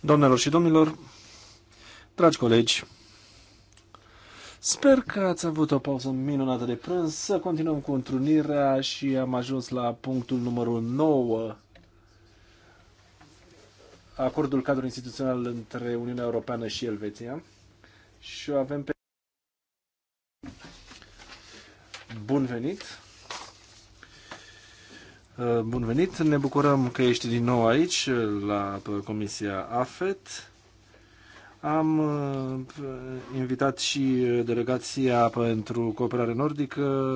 Doamnelor și domnilor, dragi colegi, sper că ați avut o pauză minunată de prânz. Să continuăm cu întrunirea și am ajuns la punctul numărul 9 acordul cadru instituțional între Uniunea Europeană și Elveția. Și o avem pe... Bun venit! Uh, bun venit! Ne bucurăm că ești din nou aici, uh, la uh, Comisia AFET. Am invitat și delegația pentru cooperare nordică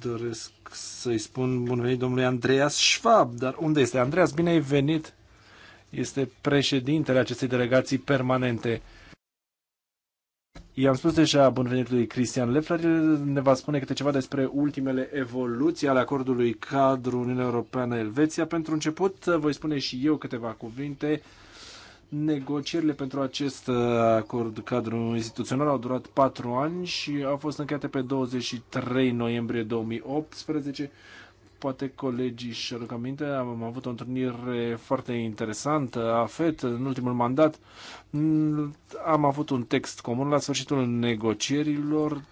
doresc să-i spun bun venit domnului Andreas Schwab. Dar unde este? Andreas, bine ai venit! Este președintele acestei delegații permanente. I-am spus deja bun venit lui Cristian Leffler, ne va spune câte ceva despre ultimele evoluții ale acordului cadru Uniunea Europeană-Elveția. Pentru început voi spune și eu câteva cuvinte. Negocierile pentru acest uh, acord cadru instituțional au durat patru ani și au fost încheiate pe 23 noiembrie 2018 poate colegii și aduc aminte, am avut o întâlnire foarte interesantă a FET în ultimul mandat. Am avut un text comun la sfârșitul negocierilor,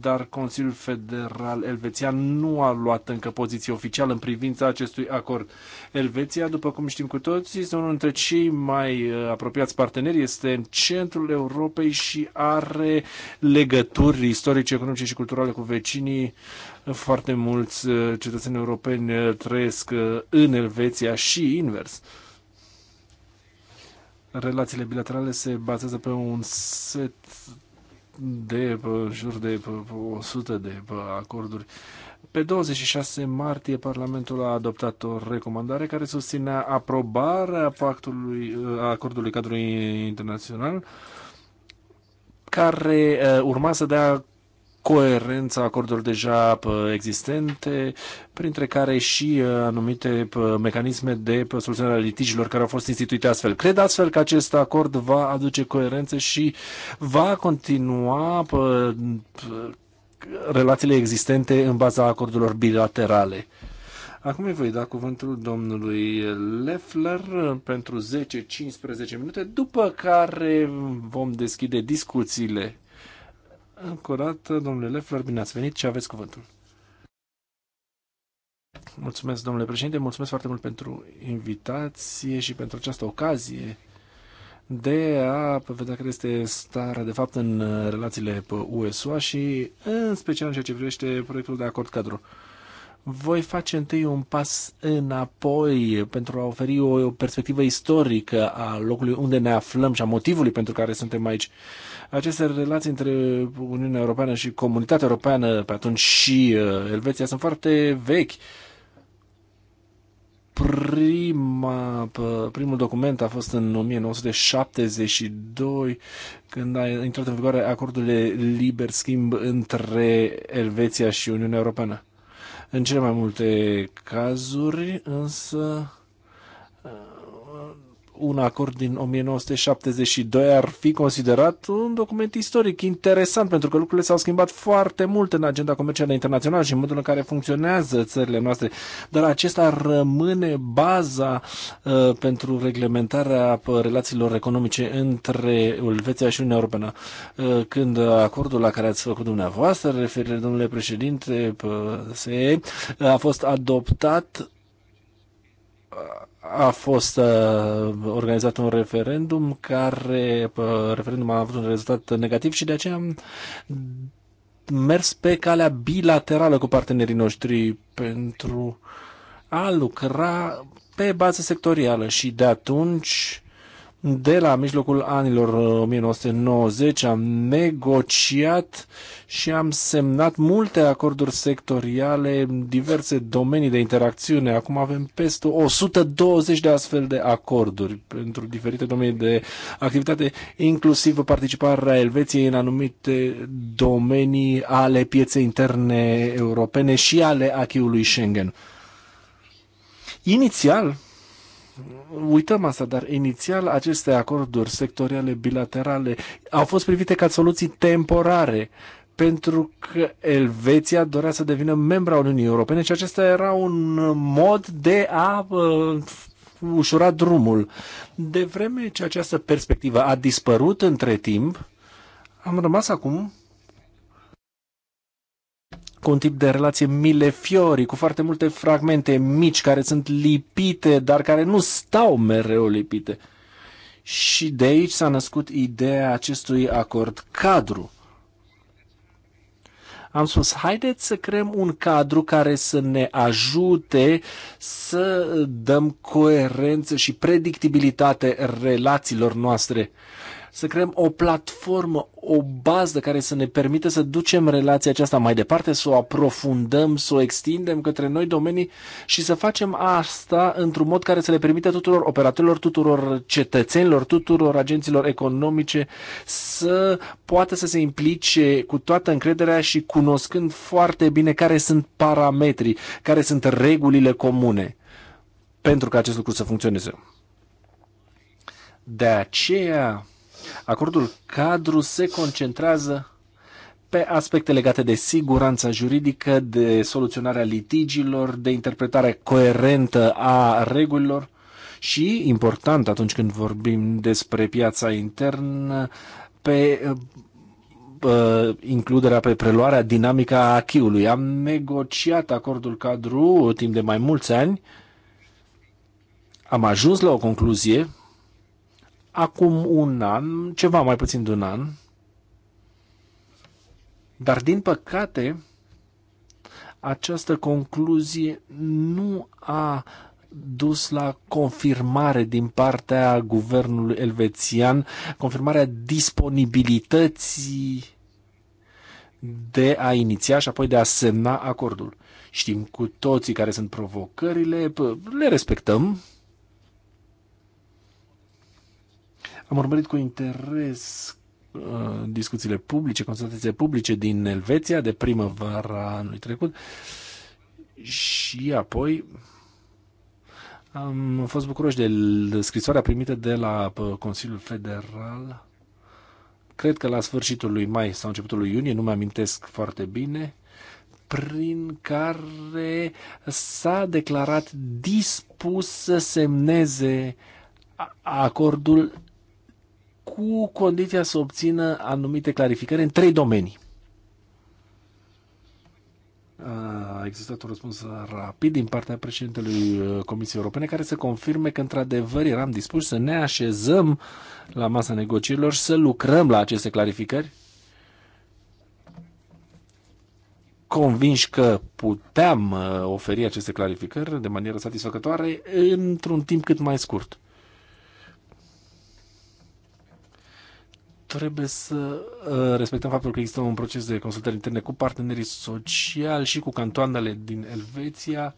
dar Consiliul Federal Elvețian nu a luat încă poziție oficială în privința acestui acord. Elveția, după cum știm cu toții, este unul dintre cei mai uh, apropiați parteneri, este în centrul Europei și are legături istorice, economice și culturale cu vecinii. Foarte mulți uh, cetățeni europeni uh, trăiesc în Elveția și invers relațiile bilaterale se bazează pe un set de în jur de 100 de acorduri. Pe 26 martie, Parlamentul a adoptat o recomandare care susținea aprobarea pactului, uh, acordului cadrului internațional care uh, urma să dea coerența acordurilor deja existente, printre care și uh, anumite mecanisme de soluționare a litigilor care au fost instituite astfel. Cred astfel că acest acord va aduce coerență și va continua relațiile existente în baza acordurilor bilaterale. Acum îi voi da cuvântul domnului Leffler pentru 10-15 minute, după care vom deschide discuțiile încă o dată, domnule Lefler, bine ați venit și aveți cuvântul. Mulțumesc, domnule președinte, mulțumesc foarte mult pentru invitație și pentru această ocazie de a vedea care este starea de fapt în relațiile pe U.S.A. și în special în ceea ce privește proiectul de acord cadru. Voi face întâi un pas înapoi pentru a oferi o, o perspectivă istorică a locului unde ne aflăm și a motivului pentru care suntem aici. Aceste relații între Uniunea Europeană și Comunitatea Europeană, pe atunci și uh, Elveția, sunt foarte vechi prima, primul document a fost în 1972, când a intrat în vigoare acordul de liber schimb între Elveția și Uniunea Europeană. În cele mai multe cazuri, însă, un acord din 1972 ar fi considerat un document istoric interesant, pentru că lucrurile s-au schimbat foarte mult în agenda comercială internațională și în modul în care funcționează țările noastre, dar acesta rămâne baza uh, pentru reglementarea uh, relațiilor economice între Ulveția și Uniunea Europeană. Uh, când acordul la care ați făcut dumneavoastră, referire domnule președinte, uh, se, a fost adoptat a fost uh, organizat un referendum care uh, referendum a avut un rezultat negativ și de aceea am mers pe calea bilaterală cu partenerii noștri pentru a lucra pe bază sectorială și de atunci de la mijlocul anilor 1990 uh, am negociat și am semnat multe acorduri sectoriale în diverse domenii de interacțiune. Acum avem peste 120 de astfel de acorduri pentru diferite domenii de activitate, inclusiv participarea Elveției în anumite domenii ale pieței interne europene și ale achiului Schengen. Inițial, Uităm asta, dar inițial aceste acorduri sectoriale bilaterale au fost privite ca soluții temporare pentru că Elveția dorea să devină membra Uniunii Europene și acesta era un mod de a uh, ușura drumul. De vreme ce această perspectivă a dispărut între timp, am rămas acum cu un tip de relație milefiori, cu foarte multe fragmente mici care sunt lipite, dar care nu stau mereu lipite. Și de aici s-a născut ideea acestui acord cadru. Am spus, haideți să creăm un cadru care să ne ajute să dăm coerență și predictibilitate relațiilor noastre să creăm o platformă, o bază care să ne permită să ducem relația aceasta mai departe, să o aprofundăm, să o extindem către noi domenii și să facem asta într-un mod care să le permită tuturor operatorilor, tuturor cetățenilor, tuturor agenților economice să poată să se implice cu toată încrederea și cunoscând foarte bine care sunt parametrii, care sunt regulile comune pentru ca acest lucru să funcționeze. De aceea, Acordul cadru se concentrează pe aspecte legate de siguranța juridică, de soluționarea litigilor, de interpretarea coerentă a regulilor și, important atunci când vorbim despre piața internă, pe uh, includerea pe preluarea dinamică a achiului. Am negociat acordul cadru timp de mai mulți ani, am ajuns la o concluzie acum un an, ceva mai puțin de un an, dar din păcate această concluzie nu a dus la confirmare din partea guvernului elvețian, confirmarea disponibilității de a iniția și apoi de a semna acordul. Știm cu toții care sunt provocările, le respectăm, Am urmărit cu interes uh, discuțiile publice, consultațiile publice din Elveția de primăvara anului trecut și apoi am fost bucuroși de scrisoarea primită de la uh, Consiliul Federal. Cred că la sfârșitul lui mai sau începutul lui iunie, nu mă amintesc foarte bine, prin care s-a declarat dispus să semneze acordul cu condiția să obțină anumite clarificări în trei domenii. A existat un răspuns rapid din partea președintelui uh, Comisiei Europene care să confirme că într-adevăr eram dispuși să ne așezăm la masa negocierilor și să lucrăm la aceste clarificări convinși că puteam uh, oferi aceste clarificări de manieră satisfăcătoare într-un timp cât mai scurt. trebuie să uh, respectăm faptul că există un proces de consultări interne cu partenerii sociali și cu cantoanele din Elveția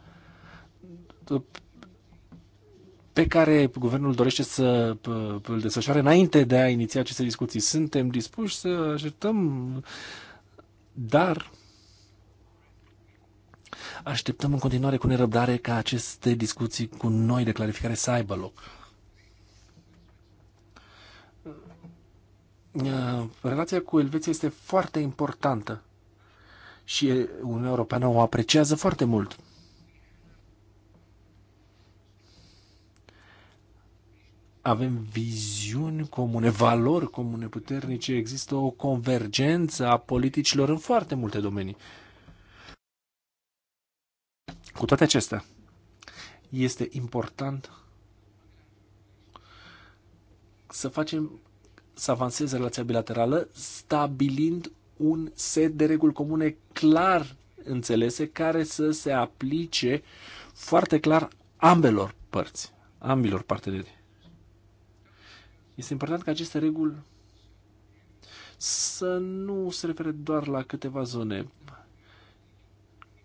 pe care guvernul dorește să uh, îl desfășoare înainte de a iniția aceste discuții. Suntem dispuși să așteptăm, dar așteptăm în continuare cu nerăbdare ca aceste discuții cu noi de clarificare să aibă loc. Uh, relația cu Elveția este foarte importantă și Uniunea Europeană o apreciază foarte mult. Avem viziuni comune, valori comune puternice, există o convergență a politicilor în foarte multe domenii. Cu toate acestea, este important să facem să avanseze relația bilaterală, stabilind un set de reguli comune clar înțelese care să se aplice foarte clar ambelor părți, ambilor parteneri. Este important ca aceste reguli să nu se refere doar la câteva zone,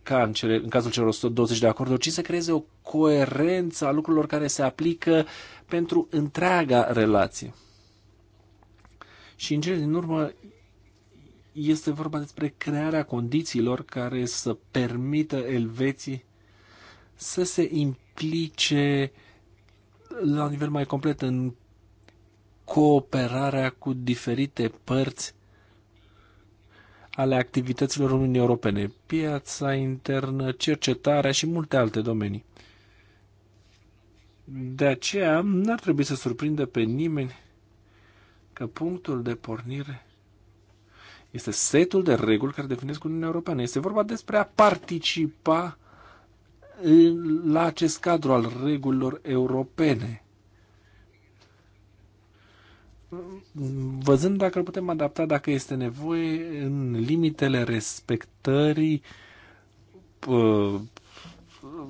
ca în, cele, în cazul celor 120 de acorduri, ci să creeze o coerență a lucrurilor care se aplică pentru întreaga relație. Și în cele din urmă este vorba despre crearea condițiilor care să permită elveții să se implice la un nivel mai complet în cooperarea cu diferite părți ale activităților Uniunii Europene, piața internă, cercetarea și multe alte domenii. De aceea, n-ar trebui să surprindă pe nimeni că punctul de pornire este setul de reguli care definesc Uniunea Europeană. Este vorba despre a participa la acest cadru al regulilor europene. Văzând dacă îl putem adapta, dacă este nevoie, în limitele respectării uh,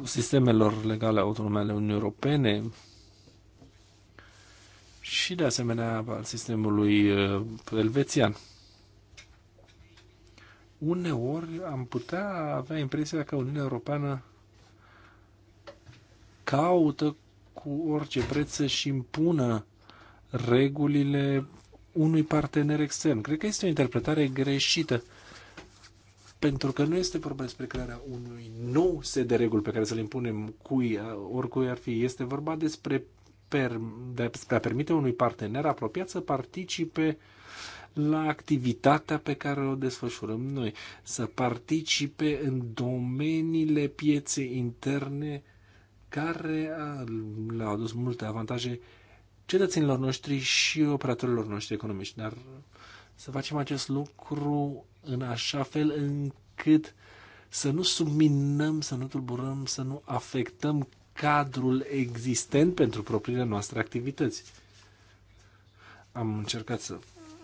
sistemelor legale autonome ale Uniunii Europene, și de asemenea al sistemului uh, elvețian. Uneori am putea avea impresia că Uniunea Europeană caută cu orice preț să-și impună regulile unui partener extern. Cred că este o interpretare greșită, pentru că nu este vorba despre crearea unui nou set de reguli pe care să le impunem cui, oricui ar fi. Este vorba despre per, de a permite unui partener apropiat să participe la activitatea pe care o desfășurăm noi, să participe în domeniile pieței interne care le-au adus multe avantaje cetățenilor noștri și operatorilor noștri economici. Dar să facem acest lucru în așa fel încât să nu subminăm, să nu tulburăm, să nu afectăm cadrul existent pentru propriile noastre activități. Am încercat să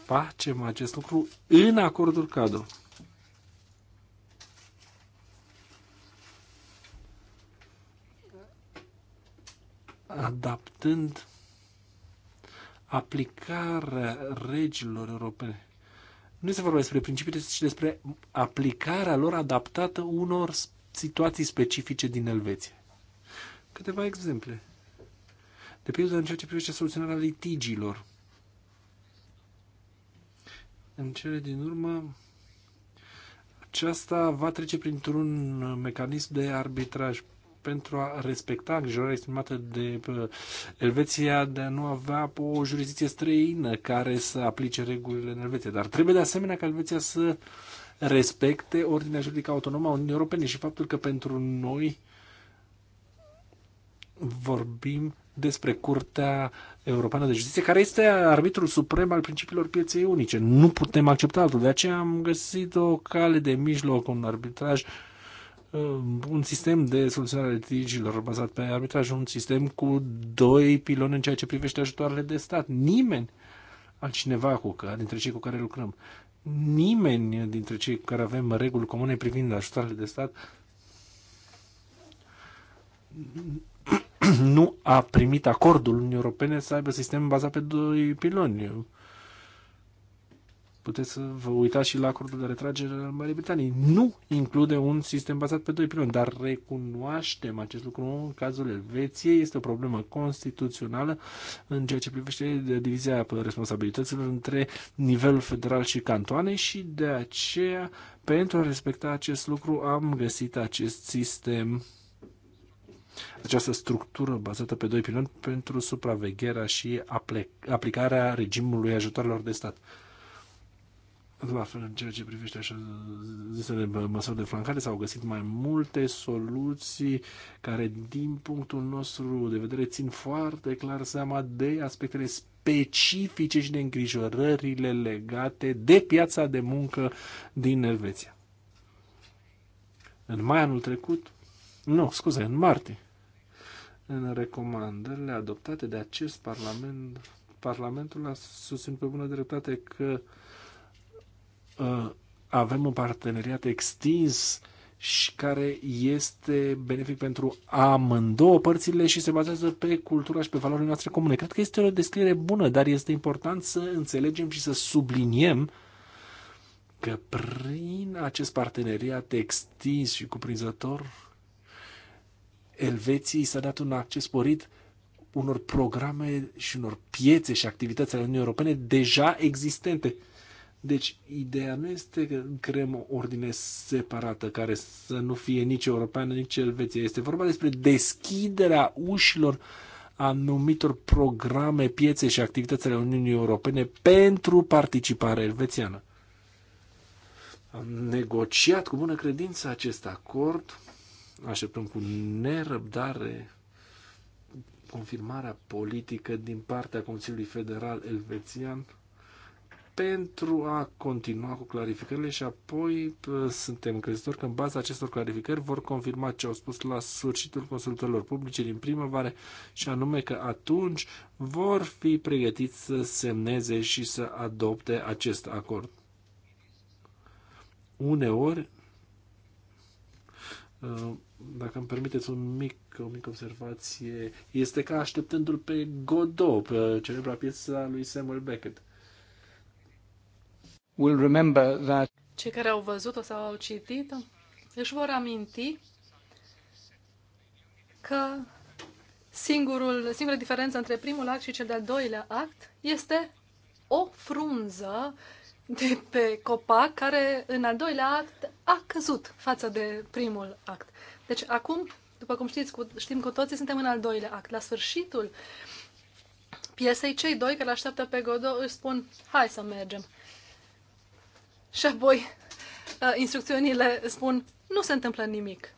facem acest lucru în acordul cadru. adaptând aplicarea regilor europene. Nu se vorbește despre principiile, ci despre aplicarea lor adaptată unor situații specifice din Elveția câteva exemple. De pildă în ceea ce privește soluționarea litigiilor. În cele din urmă, aceasta va trece printr-un mecanism de arbitraj pentru a respecta îngrijorarea exprimată de uh, Elveția de a nu avea o jurisdicție străină care să aplice regulile în Elveția. Dar trebuie de asemenea ca Elveția să respecte ordinea juridică autonomă a Uniunii Europene și faptul că pentru noi vorbim despre Curtea Europeană de Justiție, care este arbitrul suprem al principiilor pieței unice. Nu putem accepta altul. De aceea am găsit o cale de mijloc, un arbitraj, uh, un sistem de soluționare a litigiilor bazat pe arbitraj, un sistem cu doi piloni în ceea ce privește ajutoarele de stat. Nimeni altcineva cu care, dintre cei cu care lucrăm, nimeni dintre cei cu care avem reguli comune privind ajutoarele de stat nu a primit acordul Uniunii Europene să aibă sistem bazat pe doi piloni. Puteți să vă uitați și la acordul de retragere al Marii Britanii. Nu include un sistem bazat pe doi piloni, dar recunoaștem acest lucru în cazul Elveției. Este o problemă constituțională în ceea ce privește divizia responsabilităților între nivelul federal și cantoane și de aceea, pentru a respecta acest lucru, am găsit acest sistem această structură bazată pe doi piloni pentru supravegherea și aplicarea regimului ajutorilor de stat. La fel, în ceea ce privește așa zisele măsuri de flancare, s-au găsit mai multe soluții care, din punctul nostru de vedere, țin foarte clar seama de aspectele specifice și de îngrijorările legate de piața de muncă din Elveția. În mai anul trecut, nu, scuze, în martie, în recomandările adoptate de acest Parlament. Parlamentul a susținut pe bună dreptate că uh, avem un parteneriat extins și care este benefic pentru amândouă părțile și se bazează pe cultura și pe valorile noastre comune. Cred că este o descriere bună, dar este important să înțelegem și să subliniem că prin acest parteneriat extins și cuprinzător Elveției s-a dat un acces sporit unor programe și unor piețe și activități ale Uniunii Europene deja existente. Deci, ideea nu este că creăm o ordine separată care să nu fie nici europeană, nici elveție. Este vorba despre deschiderea ușilor anumitor programe, piețe și activități ale Uniunii Europene pentru participare elvețiană. Am negociat cu bună credință acest acord așteptăm cu nerăbdare confirmarea politică din partea Consiliului Federal Elvețian pentru a continua cu clarificările și apoi suntem crezători că în baza acestor clarificări vor confirma ce au spus la sfârșitul consultărilor publice din primăvară și anume că atunci vor fi pregătiți să semneze și să adopte acest acord. Uneori ă, dacă îmi permiteți un mic, o mică observație, este ca așteptându-l pe Godot, pe celebra piesa lui Samuel Beckett. Will remember that... Cei care au văzut-o sau au citit își vor aminti că singurul, singura diferență între primul act și cel de-al doilea act este o frunză de pe copac, care în al doilea act a căzut față de primul act. Deci acum, după cum știți, cu, știm cu toții, suntem în al doilea act. La sfârșitul piesei, cei doi care așteaptă pe Godot își spun, hai să mergem. Și apoi uh, instrucțiunile spun, nu se întâmplă nimic.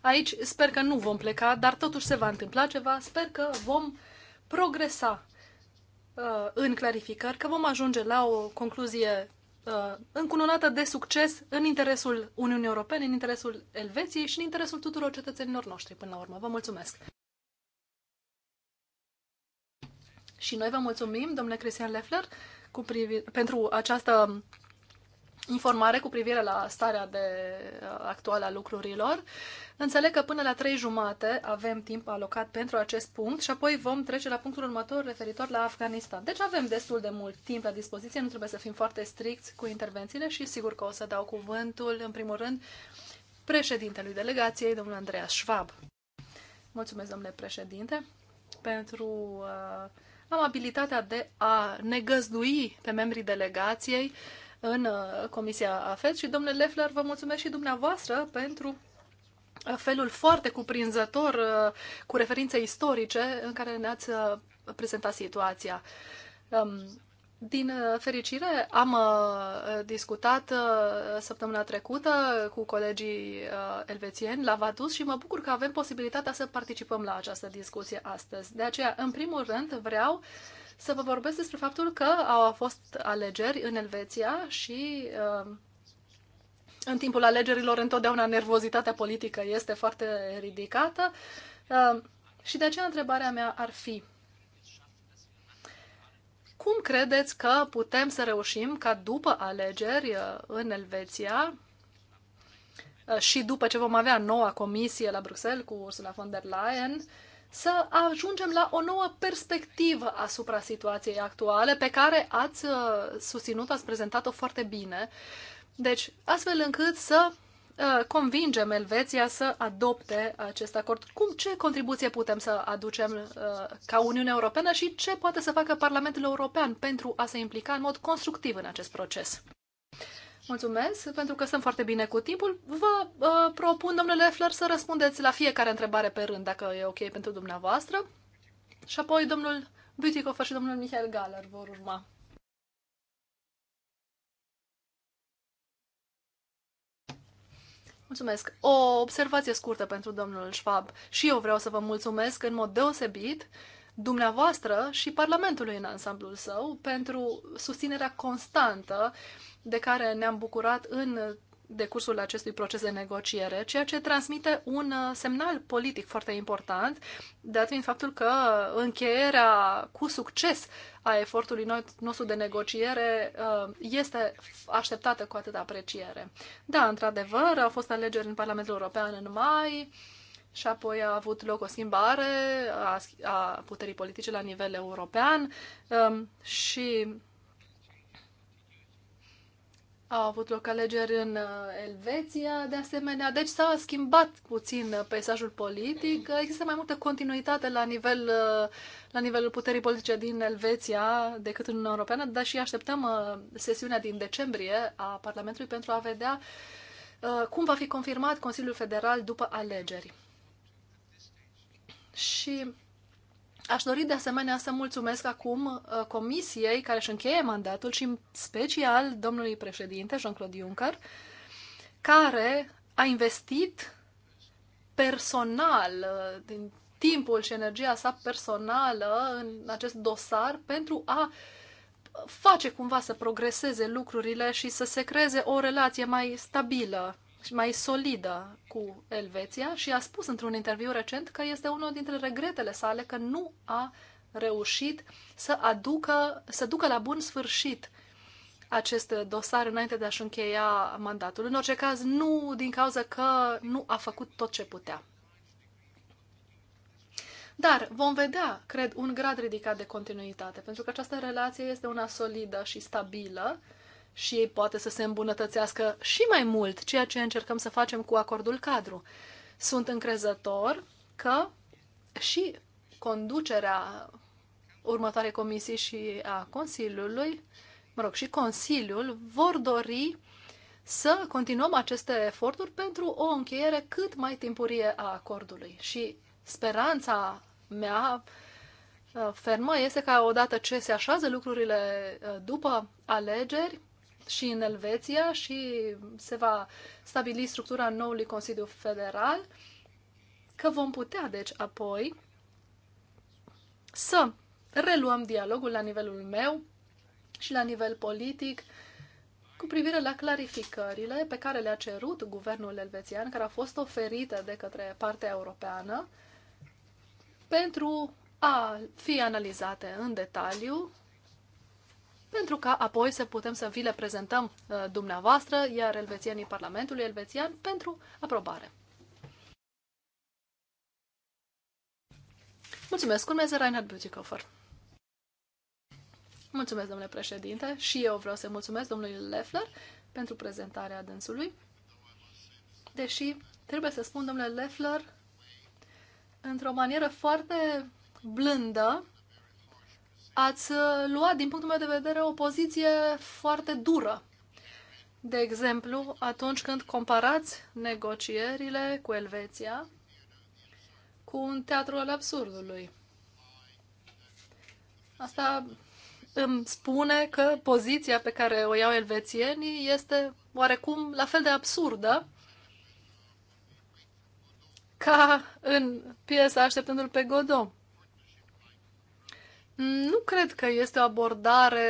Aici sper că nu vom pleca, dar totuși se va întâmpla ceva, sper că vom progresa Uh, în clarificări că vom ajunge la o concluzie uh, încununată de succes în interesul Uniunii Europene, în interesul Elveției și în interesul tuturor cetățenilor noștri până la urmă. Vă mulțumesc! Și noi vă mulțumim, domnule Cristian Leffler, cu privi- pentru această informare cu privire la starea de uh, actuală a lucrurilor. Înțeleg că până la trei jumate avem timp alocat pentru acest punct și apoi vom trece la punctul următor referitor la Afganistan. Deci avem destul de mult timp la dispoziție, nu trebuie să fim foarte stricți cu intervențiile și sigur că o să dau cuvântul, în primul rând, președintelui delegației, domnul Andreas Schwab. Mulțumesc, domnule președinte, pentru uh, amabilitatea de a negăzdui pe membrii delegației uh, în uh, Comisia AFET și, domnule Leffler, vă mulțumesc și dumneavoastră pentru uh, felul foarte cuprinzător, uh, cu referințe istorice, în care ne-ați prezentat situația. Um, din fericire, am discutat săptămâna trecută cu colegii elvețieni la Vaduz și mă bucur că avem posibilitatea să participăm la această discuție astăzi. De aceea, în primul rând, vreau să vă vorbesc despre faptul că au fost alegeri în Elveția și uh, în timpul alegerilor întotdeauna nervozitatea politică este foarte ridicată uh, și de aceea întrebarea mea ar fi cum credeți că putem să reușim ca după alegeri uh, în Elveția și după ce vom avea noua comisie la Bruxelles cu Ursula von der Leyen, să ajungem la o nouă perspectivă asupra situației actuale, pe care ați uh, susținut, ați prezentat-o foarte bine. Deci, astfel încât să uh, convingem Elveția să adopte acest acord. Cum, ce contribuție putem să aducem uh, ca Uniunea Europeană și ce poate să facă Parlamentul European pentru a se implica în mod constructiv în acest proces? Mulțumesc, pentru că sunt foarte bine cu timpul. Vă uh, propun, domnule Flăr, să răspundeți la fiecare întrebare pe rând, dacă e ok pentru dumneavoastră. Și apoi domnul Bütikofer și domnul Michael Galer vor urma. Mulțumesc. O observație scurtă pentru domnul Schwab. Și eu vreau să vă mulțumesc în mod deosebit uh, dumneavoastră și Parlamentului în ansamblul său pentru susținerea constantă de care ne-am bucurat în decursul acestui proces de negociere, ceea ce transmite un uh, semnal politic foarte important, dat fiind faptul că încheierea cu succes a efortului nostru de negociere uh, este așteptată cu atâta apreciere. Da, într-adevăr, au fost alegeri în Parlamentul European în mai, și apoi a avut loc o schimbare a, a puterii politice la nivel european um, și au avut loc alegeri în uh, Elveția, de asemenea. Deci s-a schimbat puțin uh, peisajul politic. Există mai multă continuitate la, nivel, uh, la nivelul puterii politice din Elveția decât în Uniunea Europeană, dar și așteptăm sesiunea din decembrie a Parlamentului pentru a vedea cum va fi confirmat Consiliul Federal după alegeri. Și Aș dori de asemenea să mulțumesc acum uh, comisiei care își încheie mandatul și în special domnului președinte Jean-Claude Juncker, care a investit personal uh, din timpul și energia sa personală în acest dosar pentru a face cumva să progreseze lucrurile și să se creeze o relație mai stabilă și mai solidă cu Elveția și a spus într-un interviu recent că este unul dintre regretele sale că nu a reușit să aducă, să ducă la bun sfârșit acest dosar înainte de a-și încheia mandatul. În orice caz, nu din cauza că nu a făcut tot ce putea. Dar vom vedea, cred, un grad ridicat de continuitate, pentru că această relație este una solidă și stabilă și ei poate să se îmbunătățească și mai mult, ceea ce încercăm să facem cu acordul cadru. Sunt încrezător că și conducerea următoarei comisii și a Consiliului, mă rog, și Consiliul vor dori să continuăm aceste eforturi pentru o încheiere cât mai timpurie a acordului. Și speranța mea uh, fermă este că odată ce se așează lucrurile uh, după alegeri, și în Elveția și se va stabili structura noului Consiliu Federal, că vom putea, deci, apoi să reluăm dialogul la nivelul meu și la nivel politic cu privire la clarificările pe care le-a cerut guvernul elvețian, care a fost oferită de către partea europeană, pentru a fi analizate în detaliu pentru ca apoi să putem să vi le prezentăm uh, dumneavoastră, iar elvețienii Parlamentului elvețian, pentru aprobare. Mulțumesc. Urmează Reinhard Butikofer. Mulțumesc, domnule președinte, și eu vreau să mulțumesc domnului Leffler pentru prezentarea dânsului. Deși, trebuie să spun, domnule Leffler, într-o manieră foarte blândă, ați uh, luat, din punctul meu de vedere, o poziție foarte dură. De exemplu, atunci când comparați negocierile cu Elveția cu un teatru al absurdului. Asta îmi spune că poziția pe care o iau elvețienii este oarecum la fel de absurdă ca în piesa Așteptându-l pe Godot. Mm, nu cred că este o abordare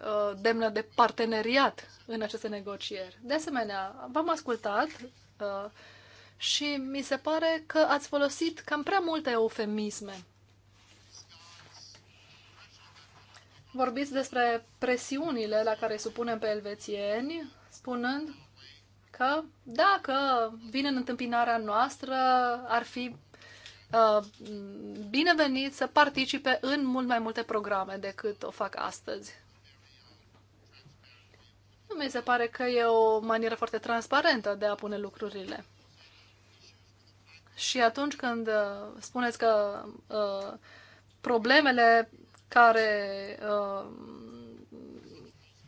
uh, demnă de parteneriat în aceste negocieri. De asemenea, v-am ascultat uh, și mi se pare că ați folosit cam prea multe eufemisme. Vorbiți despre presiunile la care supunem pe elvețieni, spunând că dacă vin în întâmpinarea noastră, ar fi Uh, binevenit să participe în mult mai multe programe decât o fac astăzi. Nu mi se pare că e o manieră foarte transparentă de a pune lucrurile. Și atunci când uh, spuneți că uh, problemele care uh,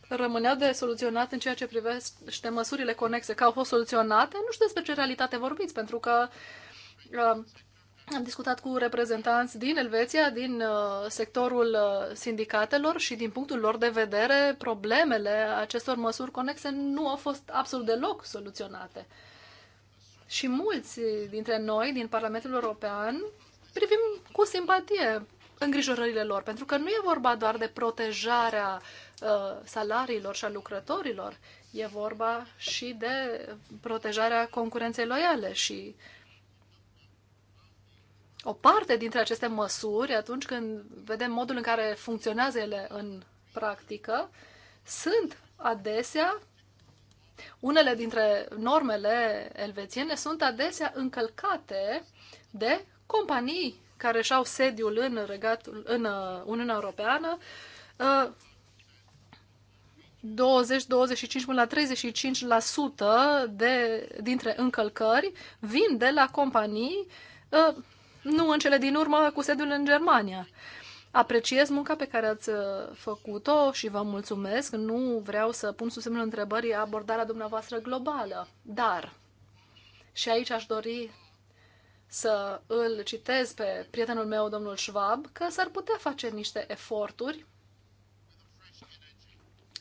rămâneau de soluționat în ceea ce privește măsurile conexe, că au fost soluționate, nu știu despre ce realitate vorbiți, pentru că uh, am discutat cu reprezentanți din Elveția, din uh, sectorul uh, sindicatelor și din punctul lor de vedere, problemele acestor măsuri conexe nu au fost absolut deloc soluționate. Și mulți dintre noi din Parlamentul European privim cu simpatie îngrijorările lor, pentru că nu e vorba doar de protejarea uh, salariilor și a lucrătorilor, e vorba și de protejarea concurenței loiale și o parte dintre aceste măsuri, atunci când vedem modul în care funcționează ele în practică, sunt adesea, unele dintre normele elvețiene sunt adesea încălcate de companii care și-au sediul în, regatul, în uh, Uniunea Europeană, 20, uh, 25 până la 35% de, dintre încălcări vin de la companii uh, nu în cele din urmă cu sediul în Germania. Apreciez munca pe care ați uh, făcut-o și vă mulțumesc. Nu vreau să pun sub semnul întrebării abordarea dumneavoastră globală, dar și aici aș dori să îl citez pe prietenul meu, domnul Schwab, că s-ar putea face niște eforturi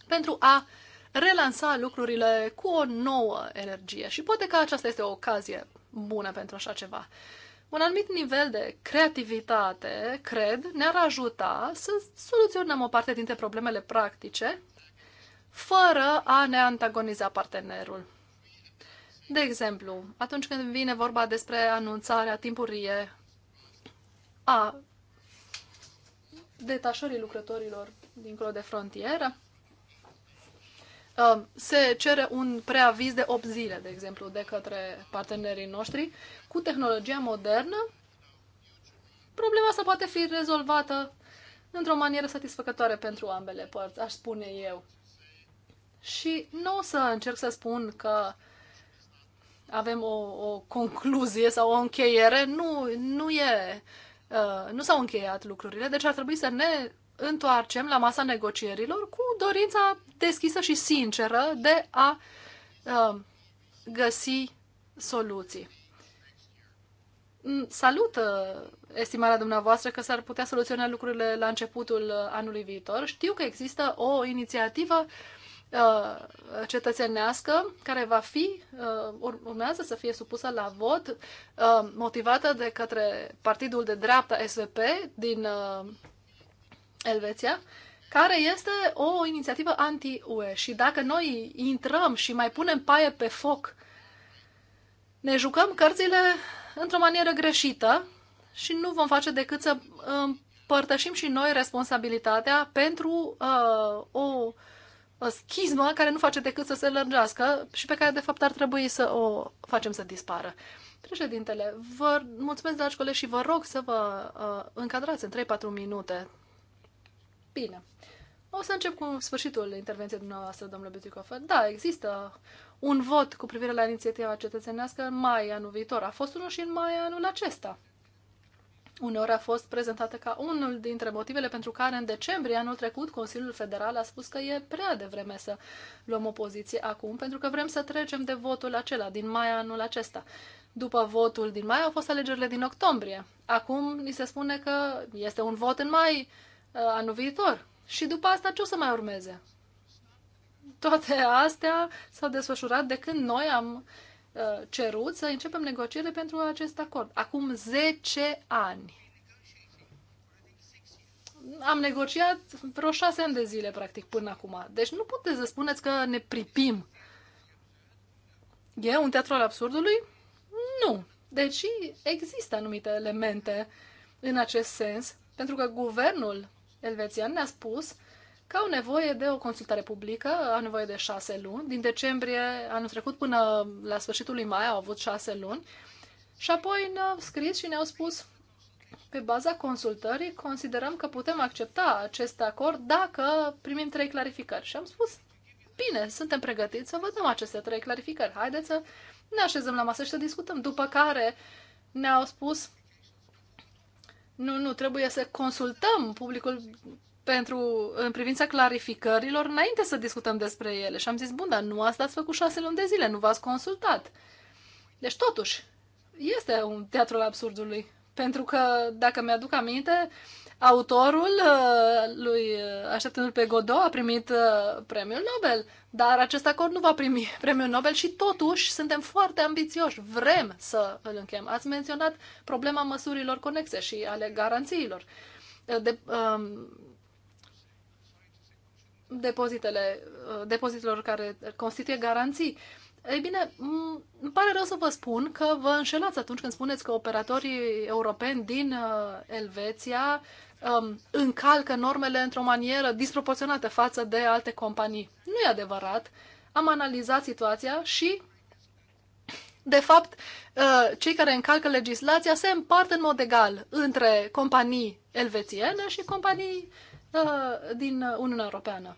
pentru a relansa lucrurile cu o nouă energie. Și poate că aceasta este o ocazie bună pentru așa ceva un anumit nivel de creativitate, cred, ne-ar ajuta să soluționăm o parte dintre problemele practice fără a ne antagoniza partenerul. De exemplu, atunci când vine vorba despre anunțarea timpurie a detașării lucrătorilor dincolo de frontieră, Um, se cere un preaviz de 8 zile, de exemplu, de către partenerii noștri. Cu tehnologia modernă, problema asta poate fi rezolvată într-o manieră satisfăcătoare pentru ambele părți, aș spune eu. Și nu o să încerc să spun că avem o, o concluzie sau o încheiere, nu, nu e, uh, nu s-au încheiat lucrurile, deci ar trebui să ne întoarcem la masa negocierilor cu dorința deschisă și sinceră de a uh, găsi soluții. Mm, salut uh, estimarea dumneavoastră că s-ar putea soluționa lucrurile la începutul uh, anului viitor. Știu că există o inițiativă cetățenească care va fi, urmează să fie supusă la vot, motivată de către partidul de dreapta SVP din Elveția, care este o inițiativă anti-UE. Și dacă noi intrăm și mai punem paie pe foc, ne jucăm cărțile într-o manieră greșită și nu vom face decât să împărtășim și noi responsabilitatea pentru uh, o schismă care nu face decât să se lărgească și pe care, de fapt, ar trebui să o facem să dispară. Președintele, vă mulțumesc, dragi colegi, și vă rog să vă uh, încadrați în 3-4 minute. Bine. O să încep cu sfârșitul intervenției dumneavoastră, domnule Beticofer. Da, există un vot cu privire la inițiativa cetățenească în mai anul viitor. A fost unul și în mai anul acesta. Uneori a fost prezentată ca unul dintre motivele pentru care în decembrie anul trecut Consiliul Federal a spus că e prea devreme să luăm o poziție acum, pentru că vrem să trecem de votul acela din mai anul acesta. După votul din mai au fost alegerile din octombrie. Acum ni se spune că este un vot în mai, Uh, anul viitor. Și după asta ce o să mai urmeze? Toate astea s-au desfășurat de când noi am uh, cerut să începem negocierile pentru acest acord. Acum 10 ani. Am negociat vreo șase ani de zile, practic, până acum. Deci nu puteți să spuneți că ne pripim. E un teatru al absurdului? Nu. Deci există anumite elemente în acest sens, pentru că guvernul elvețian ne-a spus că au nevoie de o consultare publică, au nevoie de șase luni. Din decembrie anul trecut până la sfârșitul lui mai au avut șase luni. Și apoi ne-au scris și ne-au spus pe baza consultării considerăm că putem accepta acest acord dacă primim trei clarificări. Și am spus, bine, suntem pregătiți să vă dăm aceste trei clarificări. Haideți să ne așezăm la masă și să discutăm. După care ne-au spus, nu, nu, trebuie să consultăm publicul pentru, în privința clarificărilor înainte să discutăm despre ele. Și am zis, bun, dar nu asta ați făcut șase luni de zile, nu v-ați consultat. Deci, totuși, este un teatru al absurdului. Pentru că, dacă mi-aduc aminte, Autorul uh, lui uh, Așteptându-l pe Godot a primit uh, premiul Nobel, dar acest acord nu va primi premiul Nobel și totuși suntem foarte ambițioși, vrem să îl încheiem. Ați menționat problema măsurilor conexe și ale garanțiilor. De, um, depozitele, depozitelor care constituie garanții. Ei bine, îmi pare rău să vă spun că vă înșelați atunci când spuneți că operatorii europeni din Elveția um, încalcă normele într-o manieră disproporționată față de alte companii. Nu e adevărat. Am analizat situația și, de fapt, uh, cei care încalcă legislația se împart în mod egal între companii elvețiene și companii uh, din Uniunea Europeană.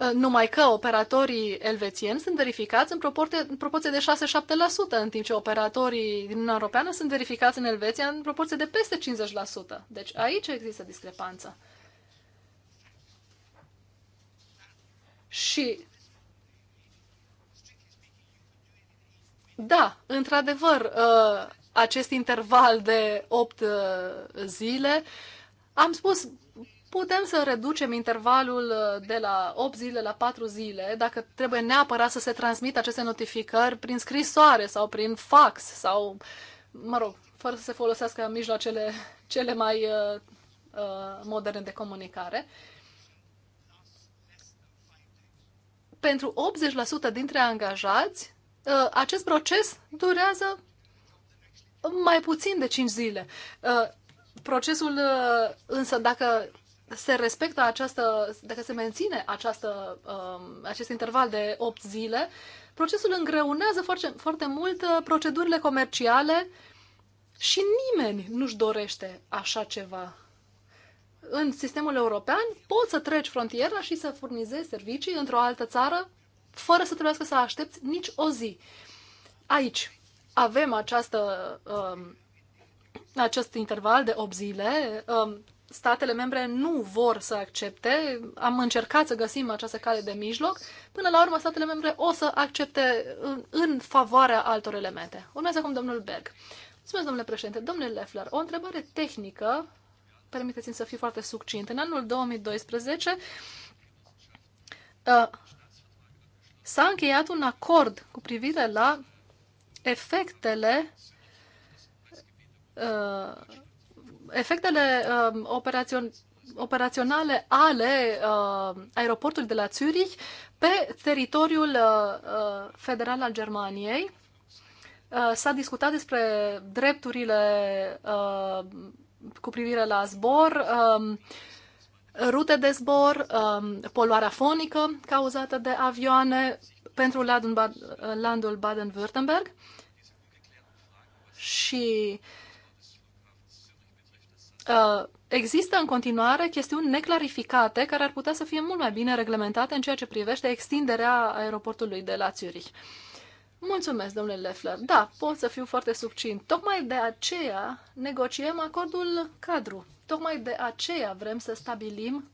Uh, numai că operatorii elvețieni sunt verificați în proporție, în proporție de 6-7%, în timp ce operatorii din Uniunea Europeană sunt verificați în Elveția în proporție de peste 50%. Deci aici există discrepanță. Și da, într-adevăr, uh, acest interval de 8 uh, zile, am spus, putem să reducem intervalul uh, de la 8 zile la 4 zile, dacă trebuie neapărat să se transmită aceste notificări prin scrisoare sau prin fax sau, mă rog, fără să se folosească mijloacele cele mai uh, uh, moderne de comunicare. Pentru 80% dintre angajați, uh, acest proces durează mai puțin de 5 zile. Uh, procesul, uh, însă, dacă se respectă această, dacă se menține această, um, acest interval de 8 zile, procesul îngreunează foarte, foarte mult uh, procedurile comerciale și nimeni nu-și dorește așa ceva. În sistemul european poți să treci frontiera și să furnizezi servicii într-o altă țară fără să trebuiască să aștepți nici o zi. Aici avem această, um, acest interval de 8 zile. Um, statele membre nu vor să accepte. Am încercat să găsim această cale de mijloc. Până la urmă, statele membre o să accepte în, în favoarea altor elemente. Urmează acum domnul Berg. Mulțumesc, domnule președinte. Domnule Leffler, o întrebare tehnică, permiteți-mi să fiu foarte succint. În anul 2012 uh, s-a încheiat un acord cu privire la efectele uh, efectele um, operațion operaționale ale uh, aeroportului de la Zürich pe teritoriul uh, uh, federal al Germaniei. Uh, s-a discutat despre drepturile uh, cu privire la zbor, uh, rute de zbor, uh, poluarea fonică cauzată de avioane pentru landul Baden-Württemberg și uh, Uh, există în continuare chestiuni neclarificate care ar putea să fie mult mai bine reglementate în ceea ce privește extinderea aeroportului de la Zurich. Mulțumesc, domnule Leffler. Da, pot să fiu foarte succint. Tocmai de aceea negociem acordul cadru. Tocmai de aceea vrem să stabilim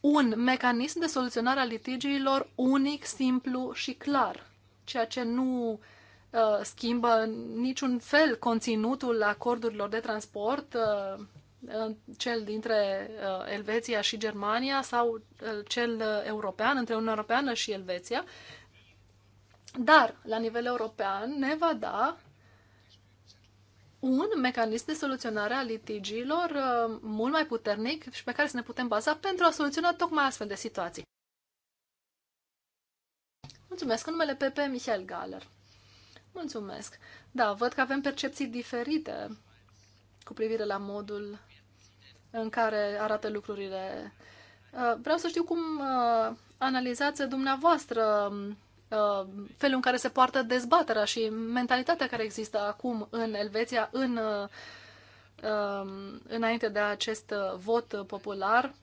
un mecanism de soluționare a litigiilor unic, simplu și clar, ceea ce nu uh, Uh, schimbă în niciun fel conținutul acordurilor de transport, uh, cel dintre uh, Elveția și Germania sau cel european, între Uniunea Europeană și Elveția, dar la nivel european ne va da un mecanism de soluționare a litigiilor mult mai puternic și pe care să ne putem baza pentru a soluționa tocmai astfel de situații. Mulțumesc în numele PP Michael Galler. Mulțumesc. Da, văd că avem percepții diferite cu privire la modul în care arată lucrurile. Uh, vreau să știu cum uh, analizați dumneavoastră uh, felul în care se poartă dezbaterea și mentalitatea care există acum în Elveția, în, um, înainte de acest vot popular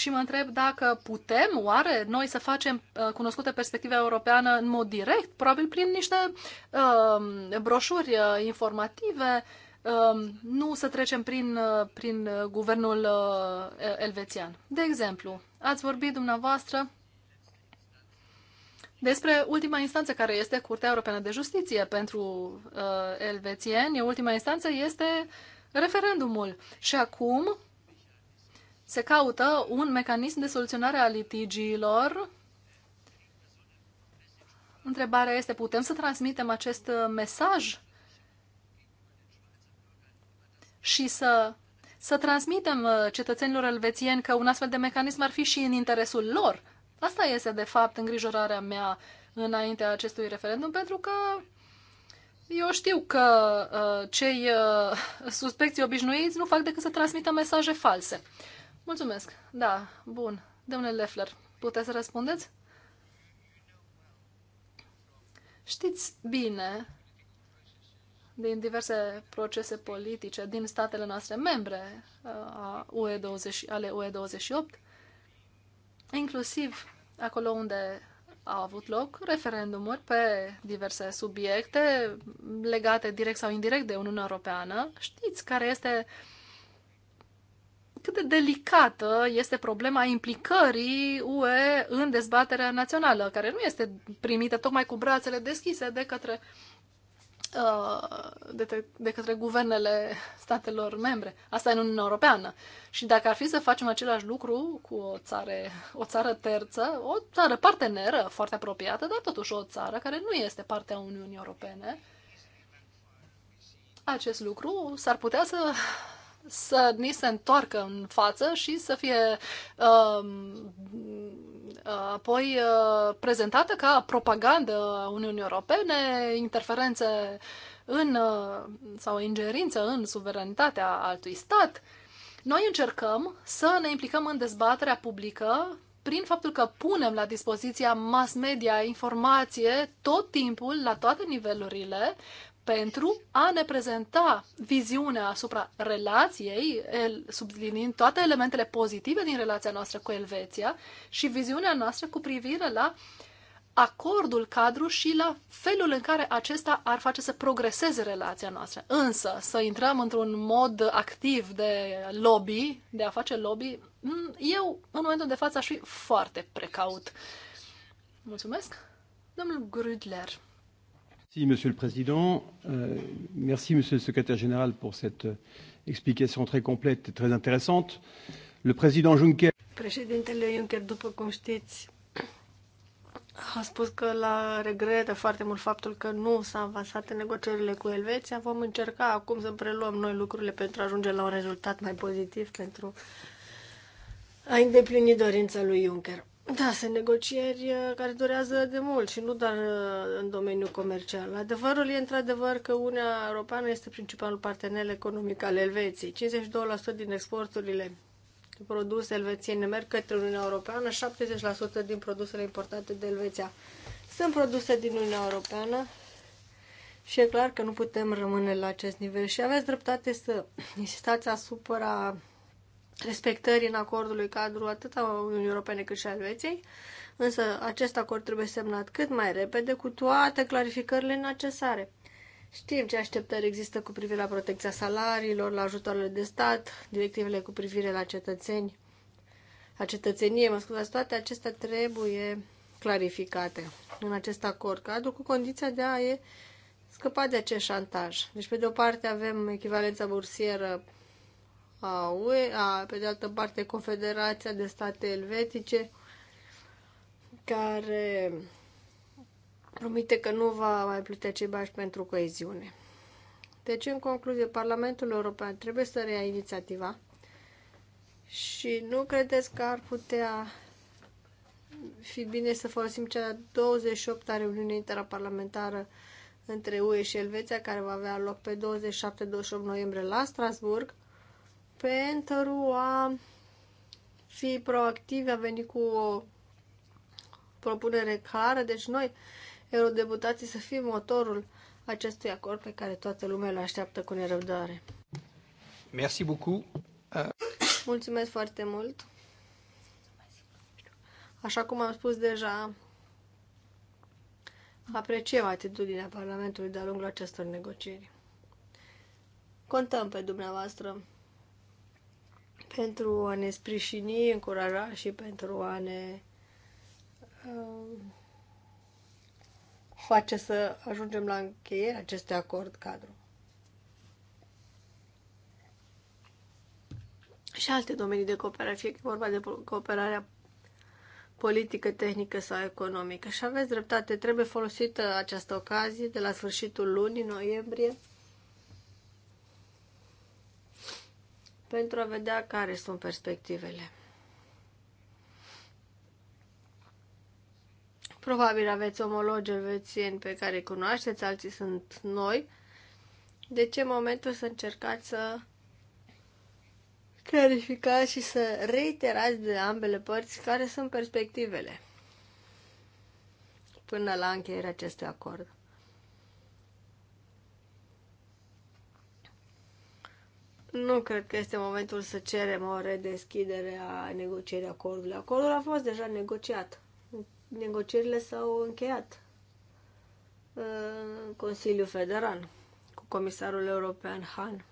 și mă întreb dacă putem oare noi să facem uh, cunoscută perspectiva europeană în mod direct, probabil prin niște uh, broșuri uh, informative, uh, nu să trecem prin, uh, prin uh, guvernul uh, elvețian. De exemplu, ați vorbit dumneavoastră despre ultima instanță care este Curtea Europeană de Justiție pentru uh, elvețieni. Ultima instanță este referendumul. Și acum se caută un mecanism de soluționare a litigiilor. Întrebarea este, putem să transmitem acest mesaj și să, să transmitem cetățenilor elvețieni că un astfel de mecanism ar fi și în interesul lor? Asta este, de fapt, îngrijorarea mea înaintea acestui referendum, pentru că eu știu că uh, cei uh, suspecții obișnuiți nu fac decât să transmită mesaje false. Uh, Mulțumesc. Da, bun. Domnule Leffler, puteți să răspundeți? Știți bine din diverse procese politice din statele noastre membre uh, a UE20, ale UE28, inclusiv acolo unde au avut loc referendumuri pe diverse subiecte legate direct sau indirect de Uniunea Europeană. Știți care este uh, cât de delicată este problema implicării UE în dezbaterea națională, care nu este primită tocmai cu brațele deschise de către, uh, de, de către guvernele statelor membre. Asta în Uniunea Europeană. Și dacă ar fi să facem același lucru cu o țară, o țară terță, o țară parteneră foarte apropiată, dar totuși o țară care nu este parte a Uniunii Europene, acest lucru s-ar putea să să ni se întoarcă în față și să fie uh, apoi uh, prezentată ca propagandă a Uniunii Europene, interferențe în, uh, sau ingerință în suveranitatea altui stat. Noi încercăm să ne implicăm în dezbaterea publică prin faptul că punem la dispoziția mass media informație tot timpul, la toate nivelurile, pentru a ne prezenta viziunea asupra relației, el, sublinind toate elementele pozitive din relația noastră cu Elveția și viziunea noastră cu privire la acordul cadru și la felul în care acesta ar face să progreseze relația noastră. Însă, să intrăm într-un mod activ de lobby, de a face lobby, eu, în momentul de față, aș fi foarte precaut. Mulțumesc, domnul Grudler. Si, Monsieur le Président, euh, merci Monsieur le Secrétaire Général pour cette euh, explication très complète et très intéressante. Le Président Juncker... Președintele Juncker, după cum știți, a spus că la regretă foarte mult faptul că nu s-a avansat în negocierile cu Elveția. Vom încerca acum să preluăm noi lucrurile pentru a ajunge la un rezultat mai pozitiv, pentru a îndeplini dorința lui Juncker. Da, sunt negocieri uh, care durează de mult și nu doar uh, în domeniul comercial. Adevărul e într-adevăr că Uniunea Europeană este principalul partener economic al Elveției. 52% din exporturile produse elvețiene merg către Uniunea Europeană, 70% din produsele importate de Elveția sunt produse din Uniunea Europeană și e clar că nu putem rămâne la acest nivel. Și aveți dreptate să insistați asupra respectării în acordului cadru atât a Uniunii Europene cât și a Elveției, însă acest acord trebuie semnat cât mai repede cu toate clarificările necesare. Știm ce așteptări există cu privire la protecția salariilor, la ajutoarele de stat, directivele cu privire la cetățeni, la cetățenie, mă scuzați, toate acestea trebuie clarificate în acest acord cadru cu condiția de a e scăpa de acest șantaj. Deci, pe de o parte avem echivalența bursieră a UE, a, pe de altă parte Confederația de State Elvetice, care promite că nu va mai plăti acei bani pentru coeziune. Deci, în concluzie, Parlamentul European trebuie să reia inițiativa și nu credeți că ar putea fi bine să folosim cea 28-a reuniune interparlamentară între UE și Elveția, care va avea loc pe 27-28 noiembrie la Strasburg, pentru a fi proactiv, a venit cu o propunere clară. Deci noi, eurodeputații, să fim motorul acestui acord pe care toată lumea îl așteaptă cu nerăbdare. Merci beaucoup. Mulțumesc foarte mult. Așa cum am spus deja, apreciem atitudinea Parlamentului de-a lungul acestor negocieri. Contăm pe dumneavoastră pentru a ne sprijini, încuraja și pentru a ne uh, face să ajungem la încheierea acestui acord cadru. Și alte domenii de cooperare, fie că e vorba de cooperarea politică, tehnică sau economică. Și aveți dreptate, trebuie folosită această ocazie de la sfârșitul lunii noiembrie pentru a vedea care sunt perspectivele. Probabil aveți omologi elvețieni pe care îi cunoașteți, alții sunt noi. De ce momentul să încercați să clarificați și să reiterați de ambele părți care sunt perspectivele până la încheierea acestui acord. Nu cred că este momentul să cerem o redeschidere a negocierii acordului. Acordul a fost deja negociat. Negocierile s-au încheiat în Consiliul Federal cu comisarul european Han.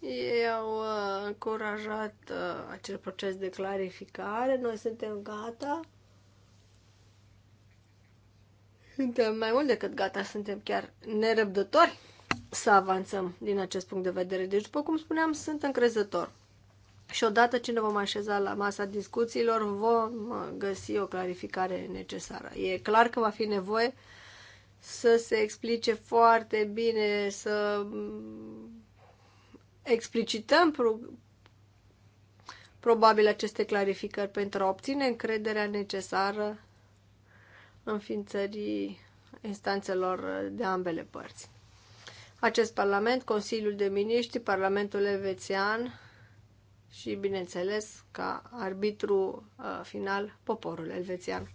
Ei au uh, încurajat uh, acel proces de clarificare. Noi suntem gata suntem mai mult decât gata, suntem chiar nerăbdători să avansăm din acest punct de vedere. Deci, după cum spuneam, sunt încrezător. Și odată ce ne vom așeza la masa discuțiilor, vom găsi o clarificare necesară. E clar că va fi nevoie să se explice foarte bine, să explicităm pro- probabil aceste clarificări pentru a obține încrederea necesară înființării instanțelor de ambele părți. Acest Parlament, Consiliul de Miniștri, Parlamentul Elvețian și, bineînțeles, ca arbitru uh, final, poporul elvețian.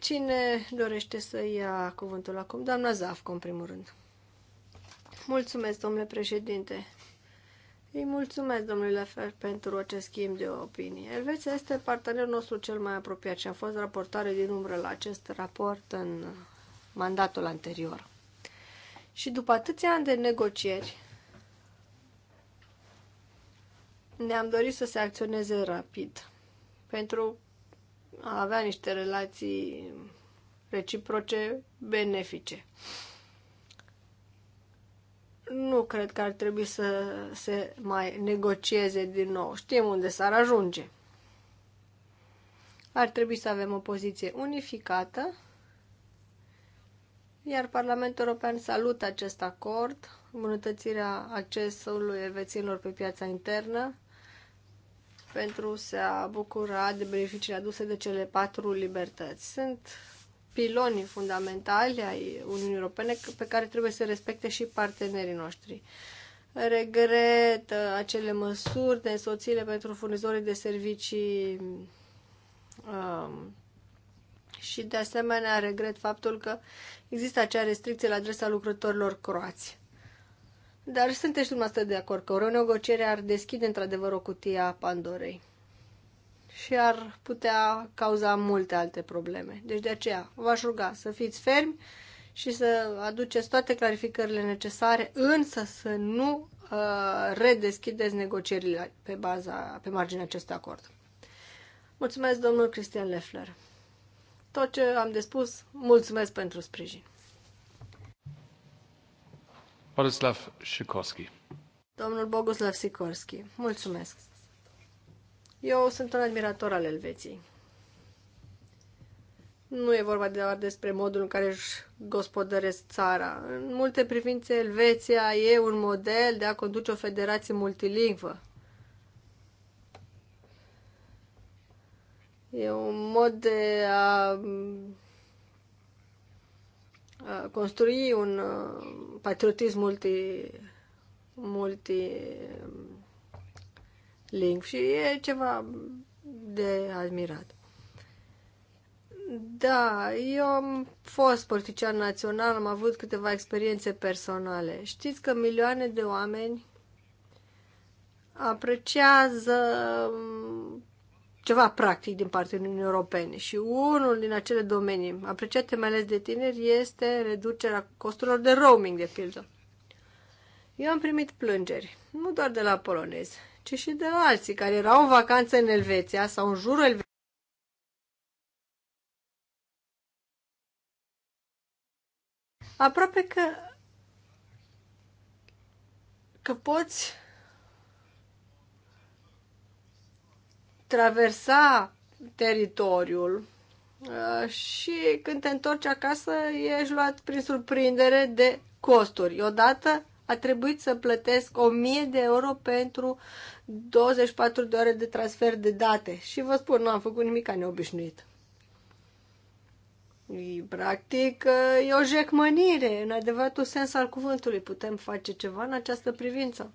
Cine dorește să ia cuvântul acum? Doamna Zafco, în primul rând. Mulțumesc, domnule președinte. Îi mulțumesc, domnule Lefer, pentru acest schimb de opinie. Elveția este partenerul nostru cel mai apropiat și a fost raportare din umbră la acest raport în mandatul anterior. Și după atâția ani de negocieri, ne-am dorit să se acționeze rapid pentru a avea niște relații reciproce benefice nu cred că ar trebui să se mai negocieze din nou. Știm unde s-ar ajunge. Ar trebui să avem o poziție unificată, iar Parlamentul European salută acest acord, îmbunătățirea accesului elvețienilor pe piața internă, pentru a se bucura de beneficiile aduse de cele patru libertăți. Sunt pilonii fundamentali ai Uniunii Europene pe care trebuie să respecte și partenerii noștri. Regret uh, acele măsuri de însoțire pentru furnizorii de servicii um, și de asemenea regret faptul că există acea restricție la adresa lucrătorilor croați. Dar sunteți dumneavoastră de acord că o renegociere ar deschide într-adevăr o cutie a Pandorei și ar putea cauza multe alte probleme. Deci de aceea v-aș ruga să fiți fermi și să aduceți toate clarificările necesare, însă să nu uh, redeschideți negocierile pe, baza, pe marginea acestui acord. Mulțumesc, domnul Cristian Leffler. Tot ce am de spus, mulțumesc pentru sprijin. Boguslav Sikorski. Domnul Boguslav Sikorski, mulțumesc. Eu sunt un admirator al Elveției. Nu e vorba doar despre modul în care își gospodăresc țara. În multe privințe, Elveția e un model de a conduce o federație multilingvă. E un mod de a construi un uh, patriotism multi, multi link și e ceva de admirat. Da, eu am fost politician național, am avut câteva experiențe personale. Știți că milioane de oameni apreciază mm, ceva practic din partea Uniunii Europene și unul din acele domenii apreciate mai ales de tineri este reducerea costurilor de roaming, de pildă. Eu am primit plângeri, nu doar de la polonezi, ci și de alții care erau în vacanță în Elveția sau în jurul Elveției. Aproape că că poți traversa teritoriul uh, și când te întorci acasă ești luat prin surprindere de costuri. Odată a trebuit să plătesc 1000 de euro pentru 24 de ore de transfer de date. Și vă spun, nu am făcut nimic neobișnuit. Practic, e o jecmănire, în adevăratul sens al cuvântului. Putem face ceva în această privință.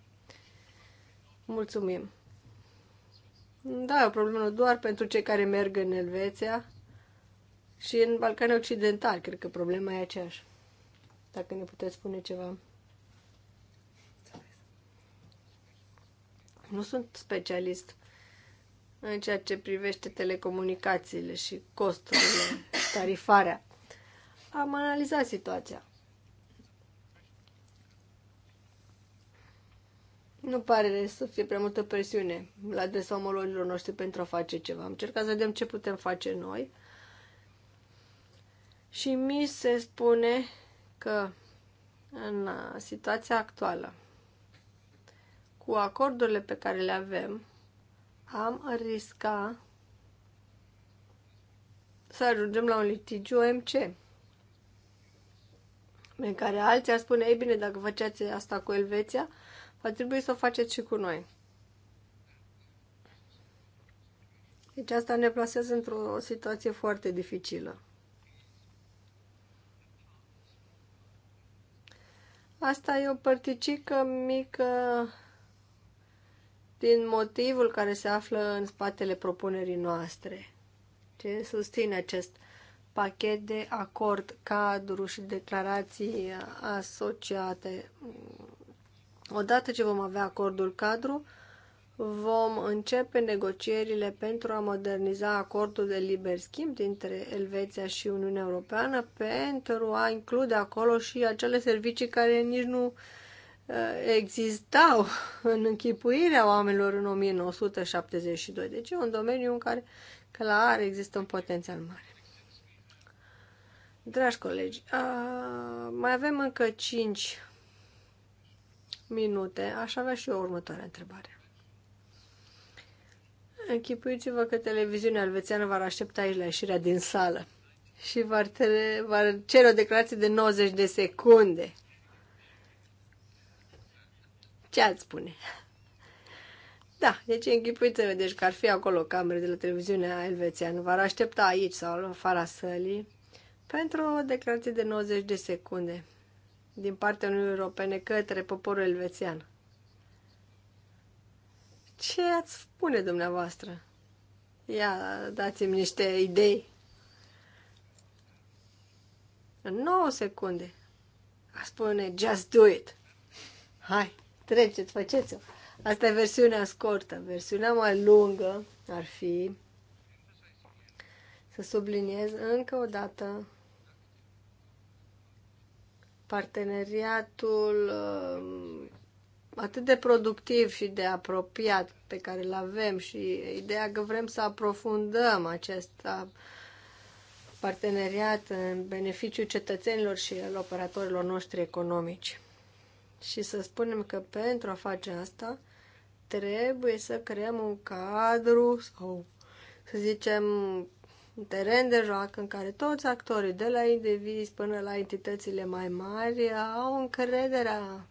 Mulțumim. Da, o problemă doar pentru cei care merg în Elveția și în Balcanii Occidentali. Cred că problema e aceeași. Dacă ne puteți spune ceva. Nu sunt specialist în ceea ce privește telecomunicațiile și costurile, tarifarea. Am analizat situația. Nu pare să fie prea multă presiune la adresa omologilor noștri pentru a face ceva. Am încercat să vedem ce putem face noi. Și mi se spune că în situația actuală cu acordurile pe care le avem, am risca să ajungem la un litigiu OMC. În care alții ar spune, ei bine, dacă faceți asta cu Elveția, va trebui să o faceți și cu noi. Deci asta ne plasează într-o situație foarte dificilă. Asta e o părticică mică din motivul care se află în spatele propunerii noastre, ce susține acest pachet de acord, cadru și declarații asociate. Odată ce vom avea acordul cadru, vom începe negocierile pentru a moderniza acordul de liber schimb dintre Elveția și Uniunea Europeană pentru a include acolo și acele servicii care nici nu uh, Eh, existau în închipuirea oamenilor în 1972. Deci e un domeniu în care clar există un potențial mare. Dragi colegi, a, mai avem încă 5 minute. Aș avea și eu următoarea întrebare. Închipuiți-vă că televiziunea elvețiană v-ar aștepta aici la ieșirea din sală și v-ar, tele, v-ar cere o declarație de 90 de secunde ce ați spune? Da, deci închipuiți-vă, deci că ar fi acolo camere de la televiziunea elvețeană, v-ar aștepta aici sau în fara sălii pentru o declarație de 90 de secunde din partea Uniunii Europene către poporul elvețian. Ce ați spune dumneavoastră? Ia, dați-mi niște idei. În 9 secunde a spune just do it. Hai, Treceți, faceți-o. Asta e versiunea scurtă. Versiunea mai lungă ar fi să subliniez încă o dată parteneriatul um, atât de productiv și de apropiat pe care îl avem și ideea că vrem să aprofundăm acest uh, parteneriat în beneficiul cetățenilor și al operatorilor noștri economici și să spunem că pentru a face asta trebuie să creăm un cadru sau, să zicem, un teren de joacă în care toți actorii, de la indivizi până la entitățile mai mari, au încrederea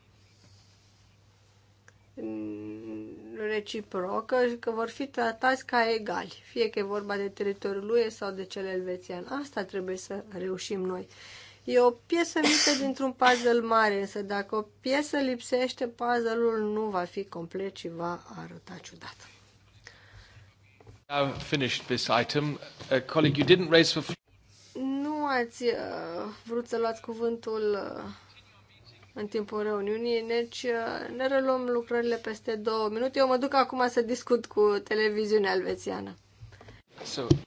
reciprocă și că vor fi tratați ca egali, fie că e vorba de teritoriul lui sau de cel elvețian. Asta trebuie să reușim noi. E o piesă mică dintr-un puzzle mare, însă dacă o piesă lipsește, puzzle-ul nu va fi complet și va arăta ciudat. I've finished this item. Uh, colleague, you didn't raise for... Nu ați uh, vrut să luați cuvântul uh, în timpul reuniunii, deci uh, ne reluăm lucrările peste două minute. Eu mă duc acum să discut cu televiziunea elvețiană. So,